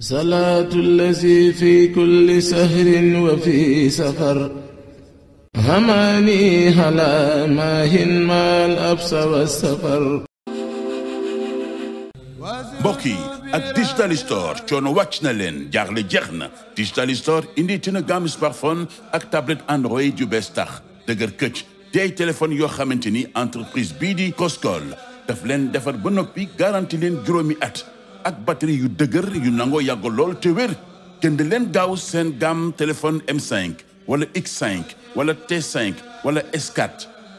salaatu allazi fi kulli sahrin wa fi safar hamaani ala maahin maal absa wa safar mbokk yi ak digital store coono wàcc na leen jaarle jeex na digital store indi tina gamme smartphone ak tablette android yu bees tax dëgër këcc day téléphone yoo xamante ni entreprise bii di Crosscall daf leen defar ba noppi garanti leen juróomi at ak batterie yu dëgër yu nangoo yàgg lool te wér jënd leen gaaw seen gamme téléphone M5 wala X5 wala T5 wala s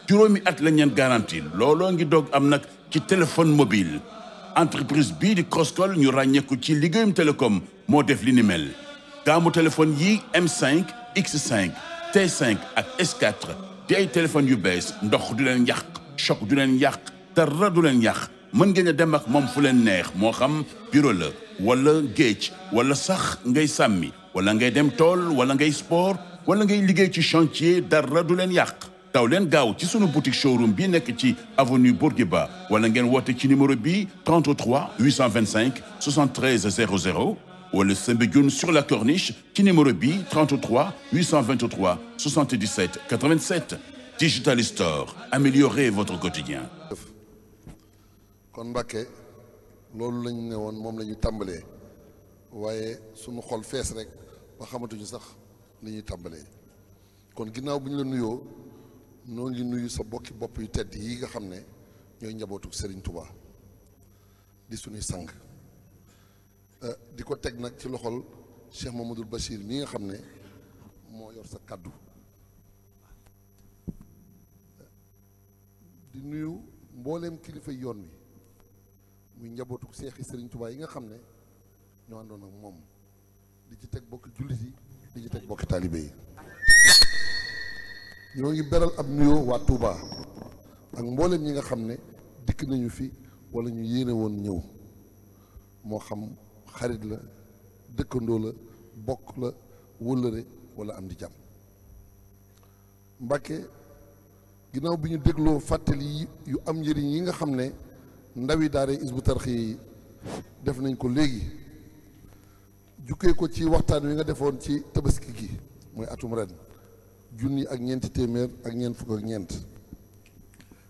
juróomi at lañ leen garantie looloo ngi doog am nag ci téléphone mobile entreprise bii di Crosscall ñu ràññeeku ci liggéeyum télécom moo def li ni mel gaamu téléphone yi M5 X5 t ak S4 di ay téléphone yu bees ndox du leen yàq choc du leen yàq dara du leen yàq mën ngeen a dem ak moom fu leen neex moo xam bureau la wala géej wala sax ngay sàmmi wala ngay dem tool wala ngay sport wala ngay liggéey ci chantier dara du leen yàq. daw leen gaaw ci sunu boutique showroom bi nekk ci avenue Bourguiba wala ngeen woote ci numéro bi vingt 33 825 73 00 wala Soumbédioune sur la corniche ci numéro bi 33 823 77 87 Digital Store améliorez votre quotidien. kon Mbàkke loolu lañ ne woon moom la ñuy tàmbalee waaye sunu xol fees rek ba xamatuñu sax lañuy ñuy tàmbalee kon ginnaaw bu ñu la nuyoo noonu ngi nuyu sa bokki bopp yu tedd yi nga xam ne ñooy njabootu Serigne Touba di suñuy sang euh, di ko teg nag ci loxol Cheikh Mamadou Bachir mi nga xam ne moo yor sa kàddu euh, di nuyu mbooleem kilifa yoon wi muy njabootu seexi sëriñ Tuubaa yi nga xam ne ñoo àndoon ak moom di ci teg bokki jullit yi di ci teg bokki taalibe yi ñoo ngi beral ab nuyoo waa Touba ak mbooleem ñi nga xam ne dikk nañu fi wala ñu yéene woon ñëw moo xam xarit la dëkkandoo la bokk la wëllëre wala am di jàmm Mbàkke ginnaaw bi ñu dégloo fàttali yu am njëriñ yi nga xam ne ndawi daara isbu tarxi yi def nañ ko léegi jukkee ko ci waxtaan wi nga defoon ci tabaski gi mooy atum ren junni ak ñeent téeméer ak ñeent fukk ak ñeent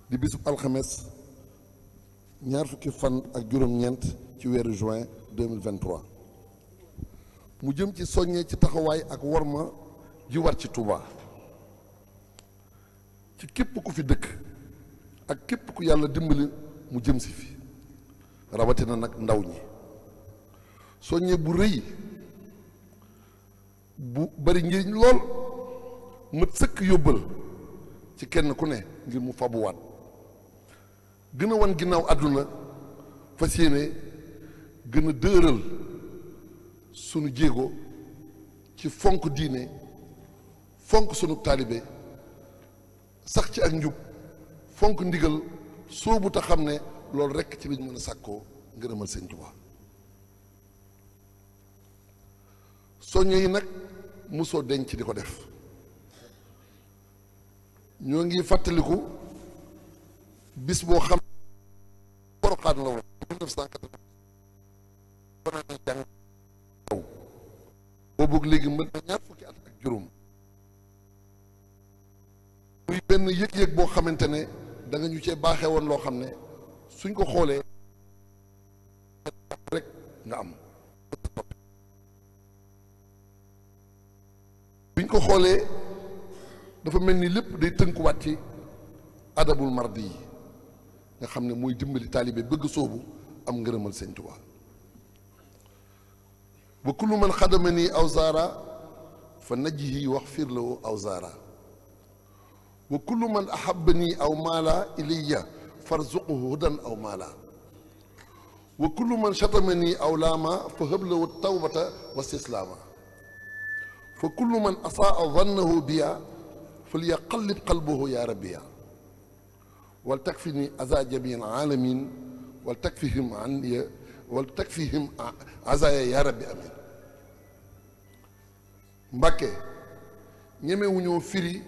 di bisub alxemes ñaar fukki fan ak juróom-ñeent ci weeru juin 2023 mu jëm ci soññee ci taxawaay ak worma ji war ci Touba ci képp ku fi dëkk ak képp ku yàlla dimbali mu jëm si fi rawatina nag ndaw ñi soññe bu rëy bu bari njëriñ lool mët sëkk yóbbal ci kenn ku ne ngir mu fabuwaat gën a wan ginnaaw àdduna fas yéene gën a dëëral sunu jéego ci fonk diine fonk sunu taalibe sax ci ak njub fonk ndigal sóobu te xam ne loolu rekk ci bi lañ mën a sàkkoo ngërëmal sëñ Tuubaa soñño yi nag mosoo denc di ko def ñoo ngi fàttaliku bis boo xam boroxaan la woon 1980 boobu léegi mën ak juróom muy benn yëg-yëg boo xamante ne danga ñu cee baaxe woon loo xam ne suñ ko xoolee rek nga am biñ ko xoolee dafa mel ni lépp day tënkuwaat ci adabul mardi yi nga xam ne mooy dimbali taalibe bëgg soobu am ngërëmal sëñ Tuubaa wa kullu man xadama nii aw zaara fa najjihi wax fiir aw zaara wa kullu man ahabbanii aw maala ilayya farzuquhu hudan aw maala wa kullu man chatamanii aw laama fa hablahu tawbata wa stislaama fa kullu man asaa zannahu biya fal yaqallib qalbahu yaa rabbiya wal takfini aza jamii alamin wal takfihim an wal takfihim azaya yaa rabbi amin Mbàkke ñemewuñoo firi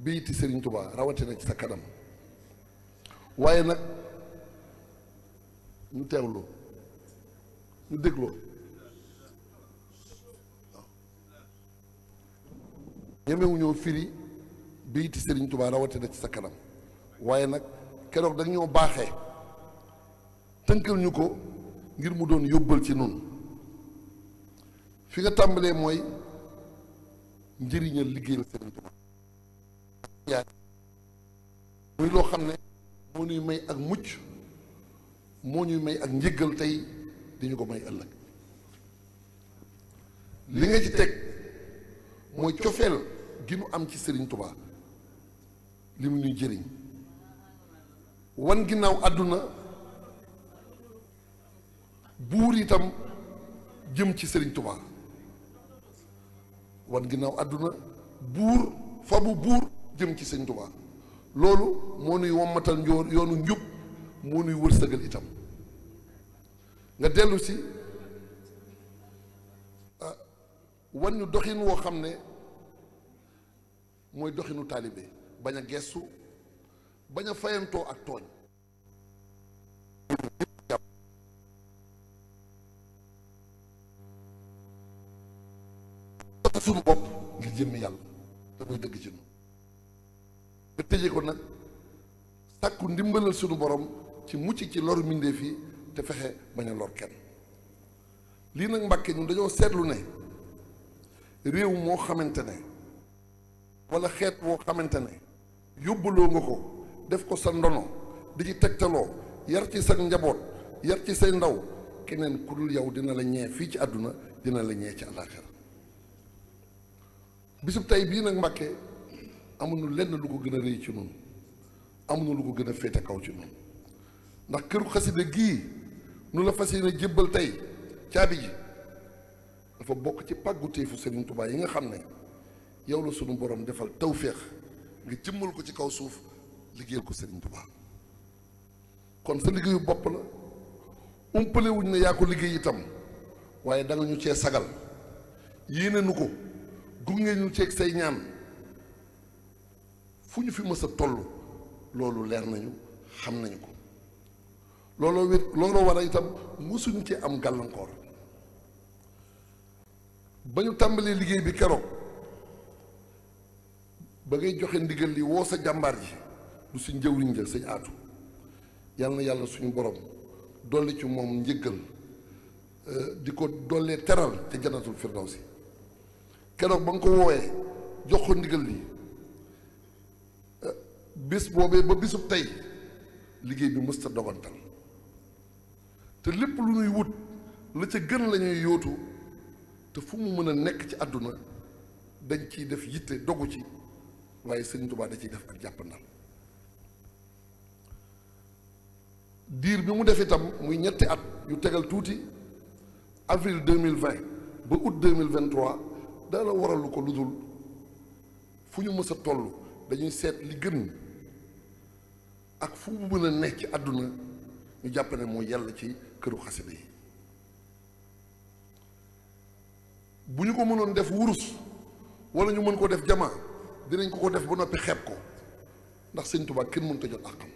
béyti sëriñ Touba rawatina ci sa kanam waaye nag ñu teewloo ñu dégloo waaw ñemewu ñoo firi béyti rawatina ci sa kanam waaye nag keroog dañ ñoo baaxee tënkal ñu ko ngir mu doon yóbbal ci nun fi nga tàmbalee mooy njëriñal liggéeyal Serigne Touba yaay muy loo xam ne moo ñuy may ak mucc moo ñuy may ak njëggal tey dañu ko may ëllëg li nga ci teg mooy cofeel gi nu am ci Serigne Touba li mu ñuy jëriñ wan ginnaaw àdduna buur itam jëm ci Serigne Touba wan ginnaaw àdduna buur fa bu buur jëm ci sëñ Tuubaa loolu moo nuy wommatal yoonu njub moo nuy wërsëgal itam nga dellusi si ah, wan ñu doxin woo xam ne mooy doxinu taalibe bañ a gestu bañ a fayantoo ak tooñ suñu bopp ngir jëmmi yàlla te dëgg ci noonu te tëje ko nag sàkku ndimbalal sunu borom ci mucc ci loru mbindéef yi te fexe bañ lor kenn lii nag mbàkke ñun dañoo seetlu ne réew moo xamante ne wala xeet woo xamante ne yóbbaloo nga ko def ko sa ndono di ci tegtaloo yar ci sa njaboot yar ci say ndaw keneen ku yow dina la ñee fii ci àdduna dina la ñee ci àllaaxira bisub tey bii nag mbàkke amuñu lenn lu ko gën a rëy ci noonu amuñu lu ko gën a féete kaw ci noonu ndax këru xasida gii nu la fas yéene jébbal tey caabi ji dafa bokk ci pàggu téefu Serigne yi nga xam ne yow la sunu borom defal tawféex nga jëmmal ko ci kaw suuf liggéeyal ko Serigne Touba kon sa liggéeyu bopp la umpale wuñ ne yaa ko liggéey itam waaye da ñu cee sagal yéene nu ko gunge ñu ceeg say ñaan. fu ñu fi mës a toll loolu leer nañu xam nañu ko looloo wét looloo war a itam mësuñu ci am gàllankoor ba ñu tàmbalee liggéey bi keroog ba ngay joxe ndigal li woo sa jàmbaar ji du suñ jëwriñ ja sañ aatu yàlla na yàlla suñu borom dolli ci moom njëggal euh, di ko dollee teral te janatul si keroog ba nga ko woowee jox ko ndigal li bis boobee ba bisub tey liggéey bi mësta dogantal te lépp lu ñuy wut la ca gën lañuy yootu te fu mu mën a nekk ci àdduna dañ ciy def yitte dogu ci waaye Sëriñ Tuubaa da ciy def ak jàppandal diir bi mu def itam muy ñetti at yu tegal tuuti avril 2020 ba août 2023 dara waralu ko ludul fu ñu mës a toll dañuy seet li gën ak fu mu mën a nekk ci àdduna ñu jàpp ne moo yàlla ci këru xasida yi bu ñu ko mënoon def wurus wala ñu mën koo def jamaa dinañ ko ko def ba noppi xeeb ko ndax sëñ Tuubaa kenn mënut jot àqam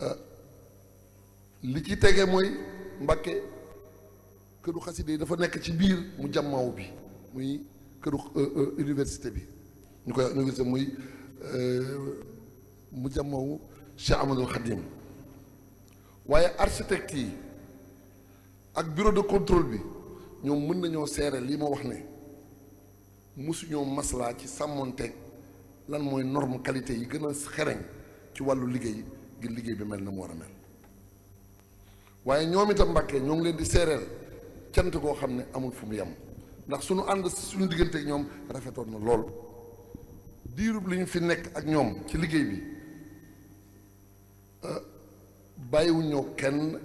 euh, li ci tege mooy Mbàkke këru xaside yi dafa nekk ci biir mu jàmmaaw bi muy këru euh, euh, université bi ñu koy université muy euh, mu jàmmaawu Cheikh Amadou Khadim waaye architecte yi ak bureau de contrôle bi ñoom mën nañoo seere lii ma wax ne mosuñoo maslaa ci sàmmonteeg lan mooy norme qualité yi gën a xereñ ci wàllu liggéey ngir liggéey bi mel na mu war a mel waaye ñoom itam mbàkkee ñoo ngi leen di seereel cant goo xam ne amul fu mu yem ndax suñu ànd suñu diggante ak ñoom rafetoon na lool diirub li ñu fi nekk ak ñoom ci liggéey bi euh, bàyyiwuñ ñoo kenn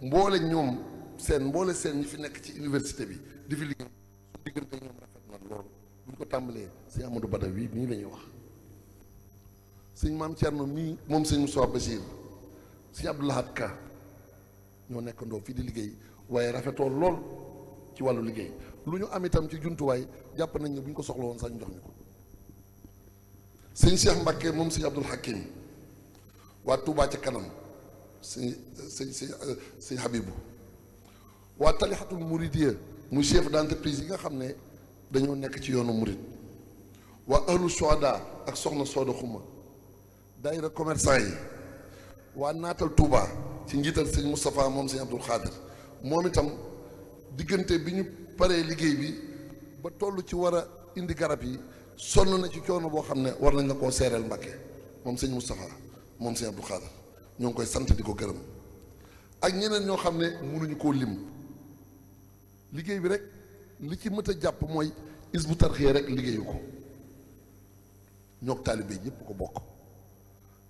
mboole ñoom seen mboole seen ñu fi nekk ci université bi di fi liggéey suñu diggante ak ñoom rafet na lool bu ñu ko tàmbalee sëñ Amadou Bada wi mii lañuy wax sëñ maam Thierno mii moom sëñ Moussa Bachir sëñ Abdoulahat Ka ñoo nekkandoo fii di liggéey waaye rafetoo lool ci wàllu liggéey lu ñu am itam ci jumtuwaay jàpp nañ ne bu ñu ko soxla woon sax ñu jox ñu ko sëñ Cheikh Mbacke moom sëñ Abdul Hakim waa Touba ca kanam sëñ sëñ sëñ sëñ Habibu waa Talixatul Muridiya muy chef d'entreprise yi nga xam ne dañoo nekk ci yoonu murid waa ahlu soida ak soxna Sooda Xuma daayira commerçant yi waa naatal Touba ci njiital sëñ Moustapha moom sëñ Abdul Xaadir moom itam diggante bi ñu paree liggéey bi ba toll ci war a indi garab yi sonn na ci coono boo xam ne war nañ la koo seereel Mbàkke moom sëñ Moustapha moom sëñ Abdou Khadre ñoo ngi koy sant di ko gërëm ak ñeneen ñoo xam ne mënuñu koo lim liggéey bi rek li ci mët a jàpp mooy Hizbut Tarqiyyah rek liggéeyu ko ñoo taalibe ñëpp ko bokk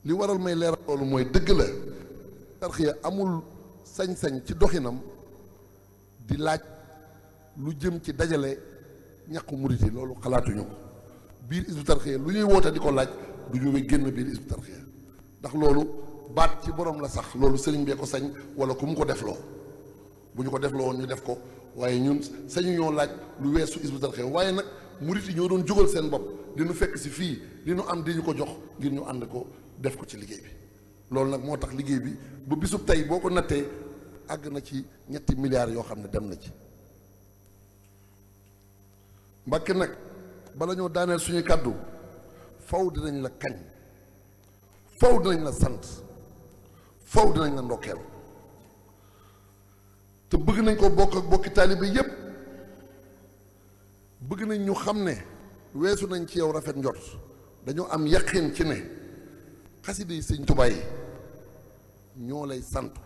li waral may leeral loolu mooy dëgg la Tarqiyyah amul sañ-sañ ci doxinam di laaj lu jëm ci dajale ñàqu murit yi loolu xalaatuñu ko biir Hizbut Tarqiyyah lu ñuy woote di ko laaj du ñu génn biir Hizbut Tarqiyyah ndax loolu baat ci borom la sax loolu sëriñ bee ko sañ wala ku mu ko def loo bu ñu ko defloo woon ñu def ko waaye ñun sañu ñoo laaj lu weesu Hizbut Tarqiyyah waaye nag murit yi ñoo doon jógal seen bopp di nu fekk si fii li nu am di ñu ko jox ngir ñu ànd ko def ko ci liggéey bi loolu nag moo tax liggéey bi bu bisub tey boo ko nattee àgg na ci ñetti milliards yoo xam ne dem na ci mbakki nag bala ñoo daaneel suñu kàddu faw dinañ la kañ faw dinañ la sant faw dinañ la ndokkeel te bëgg nañ ko bokk ak bokki taalibe yépp bëgg nañ ñu xam ne weesu nañ ci yow rafet njot dañoo am yaqin ci ne xasida yi sëñ Tuubaa yi ñoo lay sant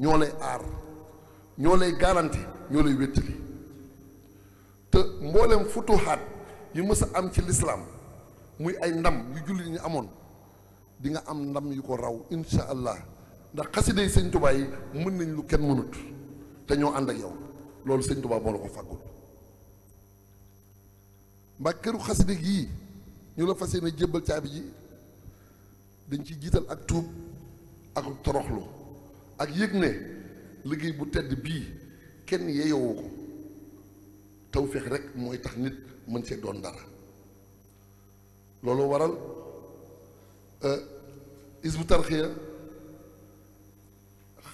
ñoo lay aar ñoo lay garanti ñoo lay wéttali te mboolem futuhaat yi mës a am ci lislaam muy ay ndam yu jullit ñu amoon di nga am ndam yu ko raw insha allah ndax xasida yi sëñ Tuubaa yi mën nañ lu kenn mënut te ñoo ànd ak yow loolu sëñ Tuubaa moo la ko fàggul mbaa këru xasida yii ñu la fas yéene jébbal caabi ji dañ ciy jiital ak tuub ak toroxlu ak yëg ne liggéey bu tedd bii kenn yeyowu ko tawféex rek mooy tax nit mën see doon dara loolu waral euh, Hizbut Tarqiyyah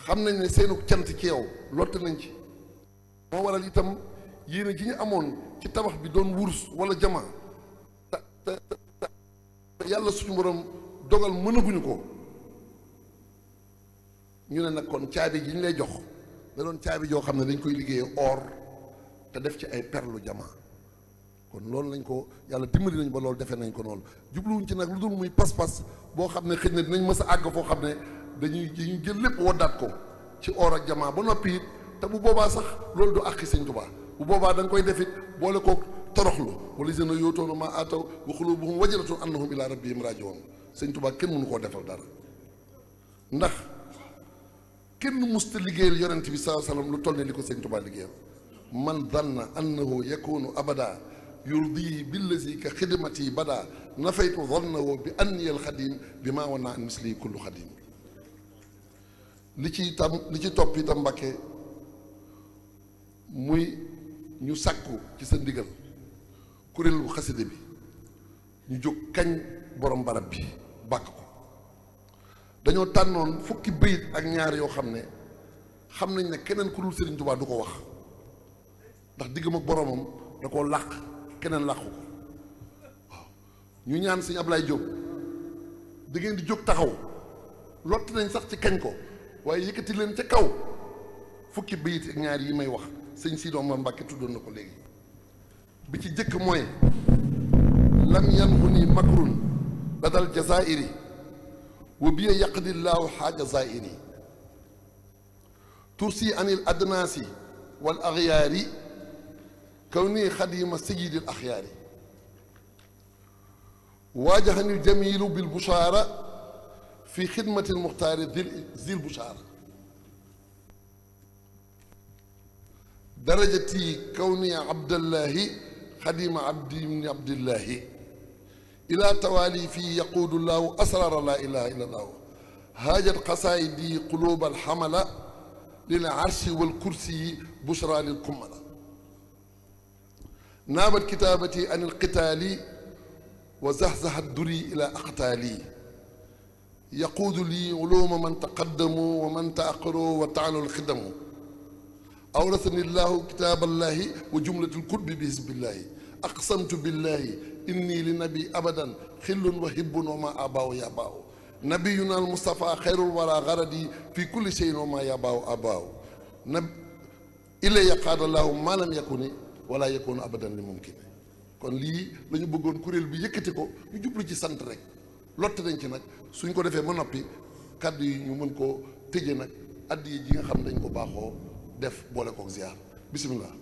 xam nañ ne seenu cant ci yow lott nañ ci moo waral itam yéene ji ñu amoon ci tabax bi doon wurus walla jamaa te te yàlla suñu boroom dogal mënaguñu ko ñu ne nag kon caabi ji ñu lay jox da doon caabi joo xam ne dañ koy liggéeyee or te def ci ay perlu jamaa kon loolu lañ ko yàlla dimbali nañ ba loolu defee nañ ko noonu jubluwuñ ci nag lu dul muy pas-pas boo xam ne xëy na dinañ mës a àgg foo xam ne dañuy dañuy jël lépp waddaat ko ci or ak jamaa ba noppi te bu boobaa sax loolu du àqi Sëñ Tuubaa bu boobaa da koy def it boole ko toroxlu wala seen yootoona maa aataw wa quluubuhum wajilatun annahum ilaa rabbihim raaji'uun Sëñ Tuubaa kenn mënu koo defal dara kenn musta liggéeyal yonent bi sallallahu alayhi wa sallam lu toll ne li ko sëñ Tuubaa liggéeyal man danna annahu yakunu abada yurdi billazi ka xidmati bada nafaytu dannahu bi anni al xadim bi maa wan naa an misli kullu xadim li ci tam li ci topp itam Mbàkke muy ñu sàkku ci sa ndigal kuréelu xaside bi ñu jóg kañ borom barab bi bàkk ko dañoo tànnoon fukki bayit ak ñaar yoo xam ne xam nañ ne keneen ku dul Serigne Touba du ko wax ndax diggam ak boromam da koo làq keneen làqu ko ñu ñaan Serigne Ablaye Diop da ngeen di jóg taxaw lott nañ sax ci kañ ko waaye yëkkati leen ca kaw fukki bayit ak ñaar yi may wax sëñ Sidou Omar Mbacke tuddoon na ko léegi bi ci jëkk mooy lam yan hu ni makrun badal jazairi wa biya yaqdillaahu xaaja zaa'iri tursi anil adnaasi wal axyaari kaw nii xadiima sayyidil axyaari waajahani jamiilu bil bushaara fi xidmatil muxtaari zil bushaara darajati kaw nii abdallahi xadiima abdi min abdillahi ilaa tawaali fii yaquudu llaahu asraara laa ilaha illa llaahu haajat xasaayidi quluubal xamala lil arshi wal kursi bushraa lil kummala naabat kitaabati an ilqitaali wa zaxzaxat duri ilaa aqtaali yaquudu lii uluuma man taqaddamu wa man taaxaru wa taalul xidamu awrasani llaahu kitaaballaahi wa jumlatil kutubi bi hisbillaahi aqsamtu billaahi inni li nabi abadan xillun wa hibbun wa ma abaaw yabaaw nabiyuna al mustafa xayrul wara garadi fi kulli shay'in wa ma yabaaw abaaw na ilaya qaadallahu ma lam yakuni wala yakunu abadan li mumkin kon lii la bëggoon kuréel bi yëkkati ko ñu jublu ci sant rek lott nañ ci nag suñ ko defee ba noppi kàddu yi ñu mën koo tëje nag addi yi ji nga xam dañ ko baaxoo def boole kook ziar bisimilah.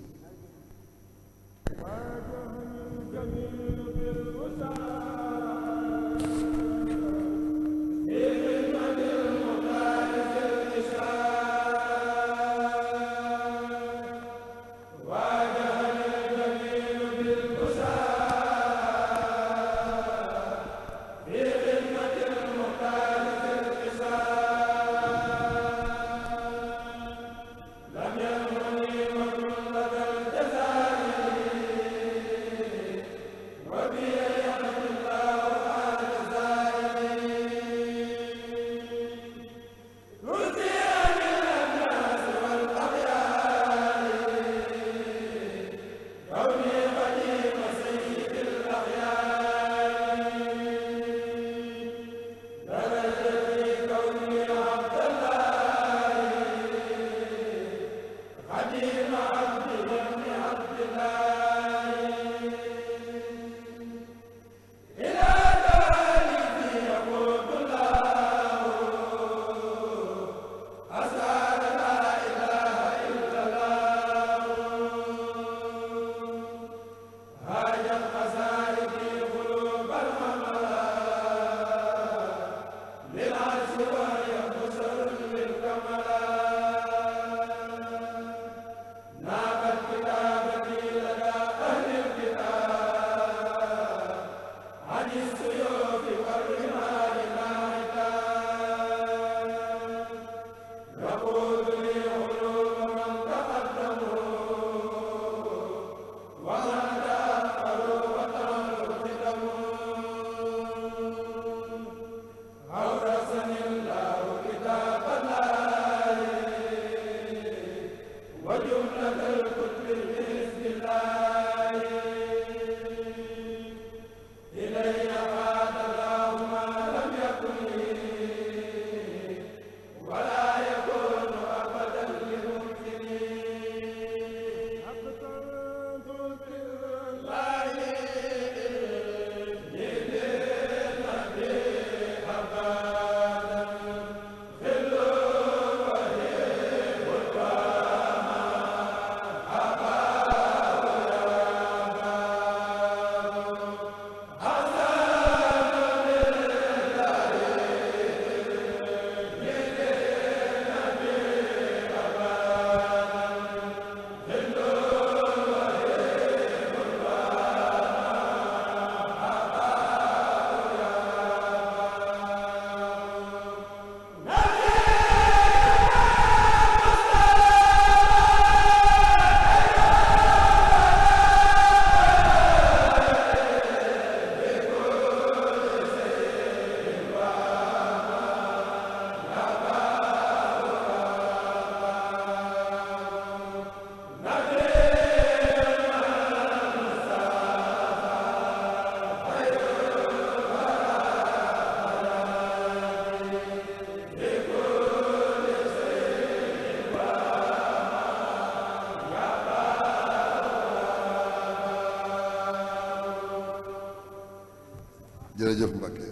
jëf Mbàkke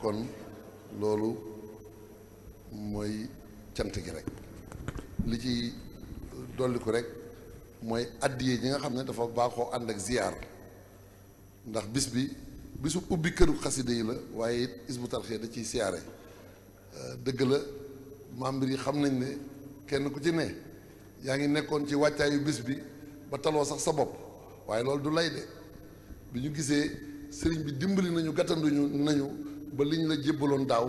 kon loolu mooy cant gi rek li ci dolliku rek mooy addiye ñi nga xam ne dafa baaxoo ànd ak ziyaar ndax bis bi bisu ubbi këru xasida yi la waaye it isbu tarxee da ciy siyaare euh, dëgg la membre yi xam nañ ne kenn ku ci ne yaa ngi nekkoon ci wàccaayu bis bi ba taloo sax sa bopp waaye loolu du lay de bi ñu gisee sëriñ bi dimbali nañu gàttanduñu nañu ba li ñu la jébbaloon daaw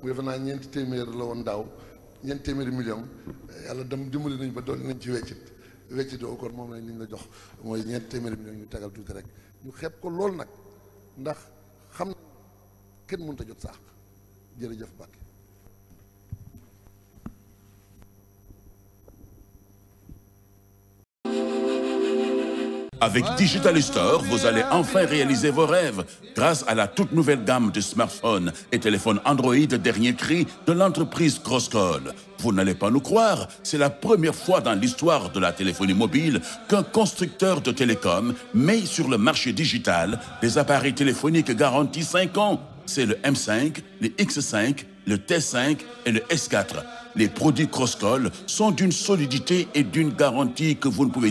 bu defe naa ñeenti téeméer la woon daaw ñeenti téeméeri million yàlla dem dimbali nañu ba dool nañ ci weccit weccit doo kon moom la ñu la jox mooy ñeenti téeméeri million ñu tegal tuuti rek ñu xeeb ko lool nag ndax xam na kenn mënut a jot sax jërëjëf Mbacke Avec Digital Store, vous allez enfin réaliser vos rêves grâce à la toute nouvelle gamme de smartphones et téléphones Android dernier cri de l'entreprise Crosscall. Vous n'allez pas nous croire, c'est la première fois dans l'histoire de la téléphonie mobile qu'un constructeur de télécom mais sur le marché digital des appareils téléphoniques garantis cinq ans. C'est le M5, le X5, le T5 et le S4. Les produits Crosscall sont d'une solidité et d'une garantie que vous ne pouvez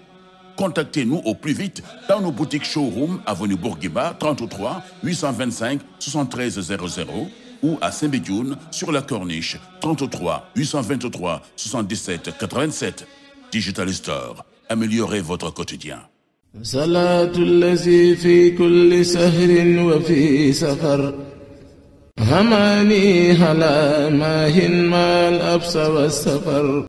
Contactez-nous au plus vite dans nos boutiques showroom avenue Bourguiba 33 825 73 00 ou à Soumbédioune sur la Corniche 33 823 77 87 Digital Store améliorez votre quotidien salatu allazi fi kulli sahrin wa fi safar hamani hala mahin mal absa wa safar